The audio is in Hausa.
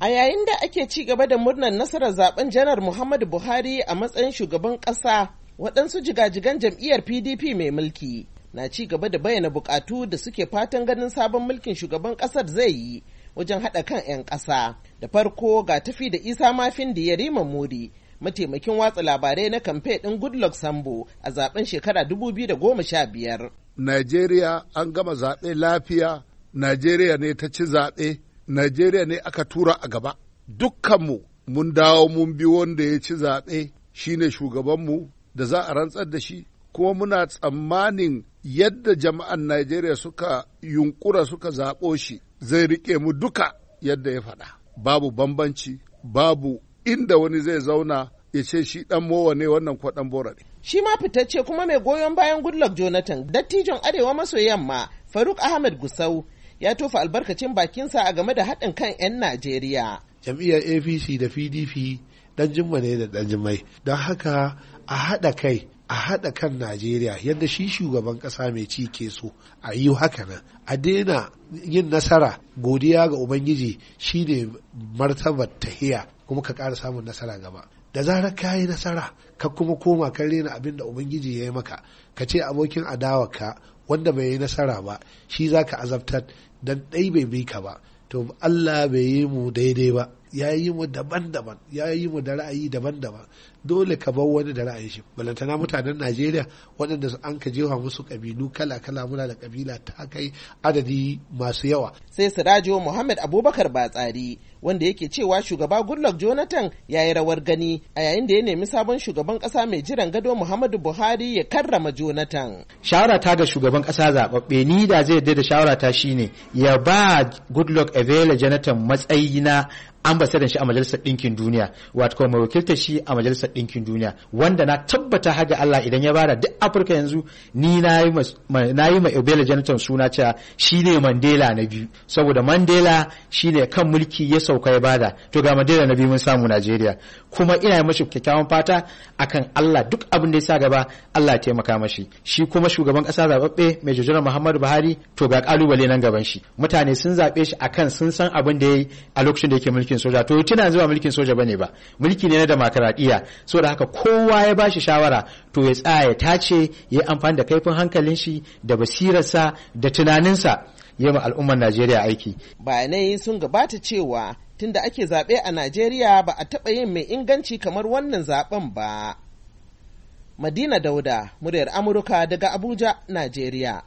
A yayin da ake ci gaba da murnar nasarar zaben janar Muhammadu Buhari a matsayin shugaban ƙasa, waɗansu jigajigan jam'iyyar PDP mai mulki na ci gaba da bayyana bukatu da suke fatan ganin sabon mulkin shugaban ƙasar zai yi wajen haɗa kan 'yan ƙasa. Da farko ga tafi da Isa Mafin da Yarima Muri, mataimakin watsa labarai na kamfe ɗin Goodluck Sambo a zaben shekara 2015. Najeriya an gama zaɓe lafiya, Najeriya ne ta ci zaɓe. Najeriya ne aka tura a gaba. Dukkanmu mun dawo mun bi wanda ya ci zaɓe shi ne shugabanmu da za a rantsar da shi, kuma muna tsammanin yadda jama'an Najeriya suka yunkura suka zaɓo shi zai riƙe mu duka yadda ya faɗa. Babu bambanci, babu inda wani zai zauna ya ce shi ɗan mowa ne wannan ko ɗan bora ne. Shi ma fitacce kuma mai goyon bayan Goodluck Jonathan dattijon Arewa maso yamma Faruk Ahmed Gusau ya tofa albarkacin bakinsa a game da haɗin kan 'yan Najeriya. Jam'iyyar APC da PDP dan jimma ne da dan jimmai don haka a haɗa kai a haɗa kan Najeriya yadda shi shugaban ƙasa mai ci ke so a yi haka nan a daina yin nasara godiya ga Ubangiji shine martabar tahiya kuma ka ƙara samun nasara gaba da zarar ka yi nasara ka kuma koma ka rena abin da ubangiji ya yi maka ka ce abokin adawa ka wanda bai yi nasara ba shi za ka azabtar don ɗai bai bi ka ba to Allah bai yi mu daidai ba ya yi mu daban-daban ya yi mu da ra'ayi daban-daban dole ka bar wani da ra'ayin shi balantana mutanen najeriya waɗanda an ka jefa musu ƙabilu kala-kala muna da ƙabila ta kai adadi masu yawa sai sirajo muhammad abubakar batsari wanda yake cewa shugaba goodluck jonathan ya yi rawar gani a yayin da ya nemi sabon shugaban ƙasa mai jiran gado muhammadu buhari ya karrama jonathan shawara ta ga shugaban ƙasa zaɓaɓɓe ni da zai da shawara ta shine ya ba goodluck evela jonathan matsayi na ambasadan shi a majalisar ɗinkin duniya wato kuma wakiltar shi a majalisar ɗinkin duniya wanda na tabbata haga Allah idan ya bada duk Afirka yanzu ni na yi ma Obele Jonathan suna cewa shi ne Mandela na biyu saboda Mandela shi ne kan mulki ya sauka ya bada to ga Mandela na biyu mun samu Najeriya kuma ina mashi kyakkyawan fata akan Allah duk abin da ya sa gaba Allah ya taimaka mashi shi kuma shugaban ƙasa zababbe mai jajjira Muhammadu Buhari to ga kalubale nan gaban shi mutane sun zaɓe shi akan sun san abin da ya yi a lokacin da yake mulki mulkin soja to tuna yanzu ba mulkin soja bane ba mulki ne na so da haka kowa ya bashi shawara to ya tsaya ya tace ya amfani da kaifin hankalin shi da basirarsa da tunaninsa ya ma al'ummar Najeriya aiki bayanai sun gabata cewa tunda ake zaɓe a Najeriya ba a taɓa yin mai inganci kamar wannan zaɓen ba Madina Dauda, muryar Amurka daga Abuja, Najeriya.